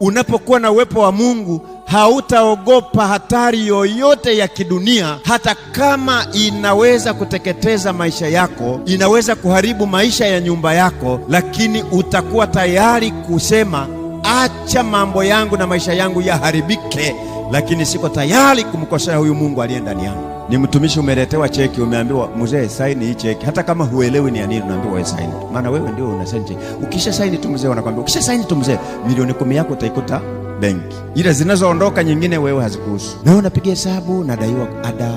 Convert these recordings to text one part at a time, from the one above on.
Unapokuwa na uwepo wa Mungu hautaogopa hatari yoyote ya kidunia, hata kama inaweza kuteketeza maisha yako, inaweza kuharibu maisha ya nyumba yako, lakini utakuwa tayari kusema acha mambo yangu na maisha yangu yaharibike, lakini siko tayari kumkosea huyu Mungu aliye ndani yangu. Ni mtumishi umeletewa cheki, umeambiwa mzee, saini hii cheki. Hata kama huelewi ni ya nini, unaambiwa saini, maana wewe ndio una saini Ukisha saini tu mzee, wanakwambia ukisha saini tu mzee, milioni kumi yako utaikuta benki, ile zinazoondoka nyingine wewe hazikuhusu. Na unapiga hesabu, nadaiwa ada,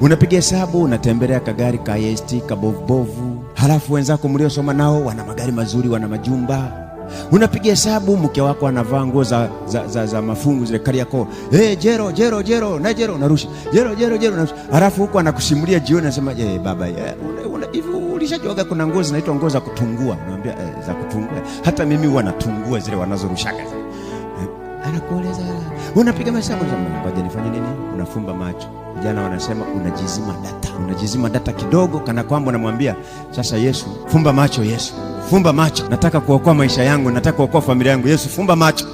unapiga hesabu, unatembelea kagari ka IST kabovubovu, halafu wenzako mliosoma nao wana magari mazuri, wana majumba Unapiga hesabu, mke wako anavaa nguo za, za, za, za mafungu zile Kariakoo, hey, eh, jero jero jero na jero unarusha jero jero jero unarusha, halafu huko anakusimulia jioni, anasema hey, eh, baba eh, hivi ulishajuaga kuna nguo zinaitwa nguo za kutungua? Naambia eh, za kutungua, hata mimi huwa natungua zile wanazorushaga zile. Anakueleza, unapiga hesabu, ngoja nifanye nini? Unafumba macho Vijana wanasema unajizima data, unajizima data kidogo, kana kwamba unamwambia sasa, Yesu, fumba macho Yesu fumba macho, nataka kuokoa maisha yangu, nataka kuokoa familia yangu. Yesu, fumba macho.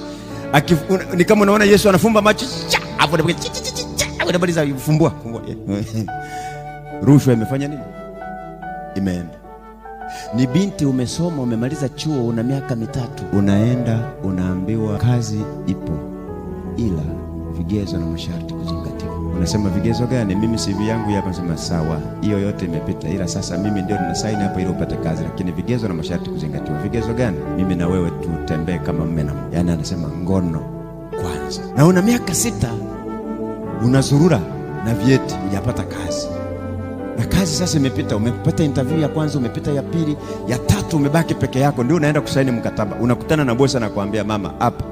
Ni kama unaona Yesu anafumba macho fumbua rushwa imefanya nini? Imeenda. Ni binti umesoma, umemaliza chuo, una miaka mitatu, unaenda unaambiwa kazi ipo, ila vigezo na masharti kuziba Unasema vigezo gani? Mimi CV yangu hapa. Nasema sawa, hiyo yote imepita, ila sasa mimi ndio nina saini hapa ili upate kazi, lakini vigezo na masharti kuzingatiwa. Vigezo gani? Mimi na wewe tutembee kama mme na mke. Yaani anasema ngono kwanza, na una miaka sita unazurura na vyeti, hujapata kazi na kazi sasa imepita, umepata interview ya kwanza, umepita ya pili, ya tatu, umebaki peke yako, ndio unaenda kusaini mkataba, unakutana na bosi anakuambia, mama, hapa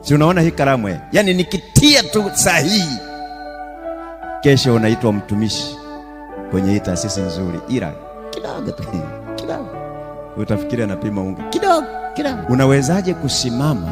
si unaona hii kalamu eh, yaani nikitia tu sahihi kesho unaitwa mtumishi kwenye hii taasisi nzuri, ila kidogo tu kidogo, utafikiria napima unga kidogo kidogo. Unawezaje kusimama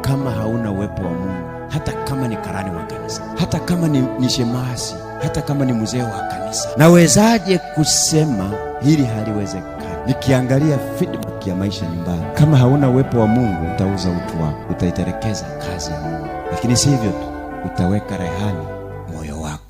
kama hauna uwepo wa Mungu? Hata kama ni karani wa kanisa, hata kama ni, ni shemasi, hata kama ni mzee wa kanisa, nawezaje kusema hili haliwezekani? Nikiangalia feedback ya maisha nyumbani, kama hauna uwepo wa Mungu utauza utu wako, utaitelekeza kazi ya Mungu. Lakini si hivyo tu, utaweka rehani